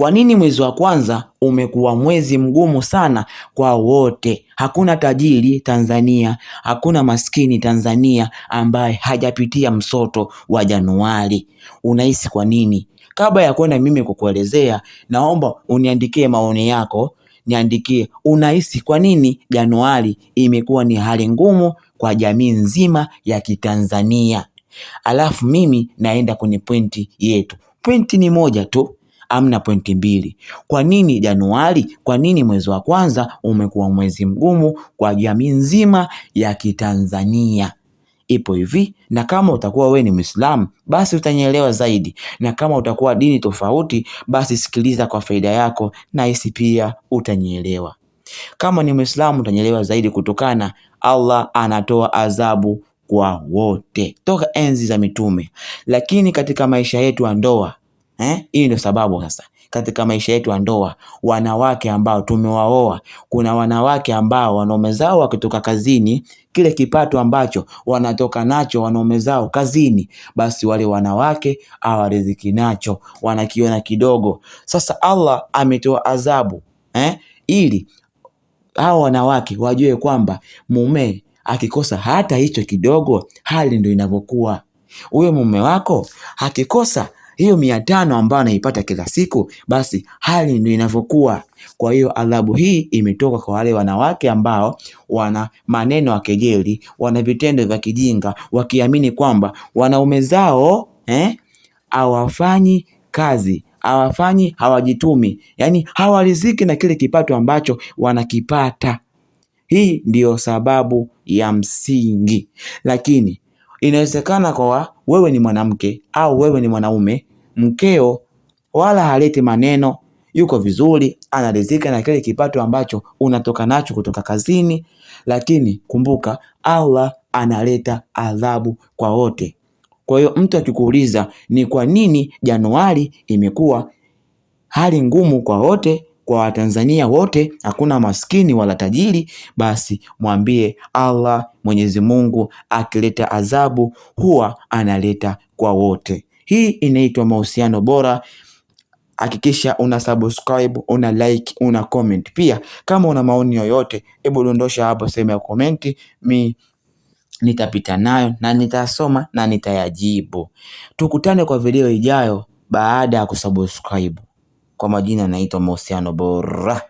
Kwa nini mwezi wa kwanza umekuwa mwezi mgumu sana kwa wote? Hakuna tajiri Tanzania, hakuna maskini Tanzania ambaye hajapitia msoto wa Januari. Unahisi kwa nini? Kabla ya kwenda mimi kukuelezea, naomba uniandikie maoni yako, niandikie unahisi kwa nini Januari imekuwa ni hali ngumu kwa jamii nzima ya Kitanzania. Alafu mimi naenda kwenye pointi yetu. Pointi ni moja tu amna pointi mbili. Kwa nini Januari? Kwa nini mwezi wa kwanza umekuwa mwezi mgumu kwa jamii nzima ya Kitanzania? Ipo hivi, na kama utakuwa we ni Muislamu basi utanyelewa zaidi, na kama utakuwa dini tofauti basi sikiliza kwa faida yako, na hisi pia utanyelewa. Kama ni Muislamu utanyelewa zaidi kutokana, Allah anatoa adhabu kwa wote toka enzi za mitume, lakini katika maisha yetu ya ndoa Eh? Hii ndio sababu sasa katika maisha yetu ya ndoa, wanawake ambao tumewaoa, kuna wanawake ambao wanaume zao wakitoka kazini, kile kipato ambacho wanatoka nacho wanaume zao kazini, basi wale wanawake hawaridhiki nacho, wanakiona kidogo. Sasa Allah ametoa adhabu eh, ili hao wanawake wajue kwamba mume akikosa hata hicho kidogo, hali ndio inavyokuwa. Huyo mume wako akikosa hiyo mia tano ambayo anaipata kila siku, basi hali ndio inavyokuwa. Kwa hiyo adhabu hii imetoka kwa wale wanawake ambao wana maneno ya kejeli, wana vitendo vya kijinga, wakiamini kwamba wanaume zao eh, hawafanyi kazi hawafanyi, hawajitumi, yani hawariziki na kile kipato ambacho wanakipata. Hii ndiyo sababu ya msingi, lakini Inawezekana kwa wewe ni mwanamke au wewe ni mwanaume, mkeo wala haleti maneno, yuko vizuri, anaridhika na kile kipato ambacho unatoka nacho kutoka kazini, lakini kumbuka, Allah analeta adhabu kwa wote. Kwa hiyo mtu akikuuliza ni kwa nini Januari imekuwa hali ngumu kwa wote, kwa Watanzania wote, hakuna maskini wala tajiri, basi mwambie Allah Mwenyezi Mungu akileta adhabu huwa analeta kwa wote. Hii inaitwa mahusiano bora. Hakikisha una subscribe, una like, una comment. Pia kama una maoni yoyote, hebu dondosha hapo sehemu ya komenti, mi nitapita nayo na nitasoma na nitayajibu. Tukutane kwa video ijayo baada ya kusubscribe. Kwa majina naitwa mahusiano bora.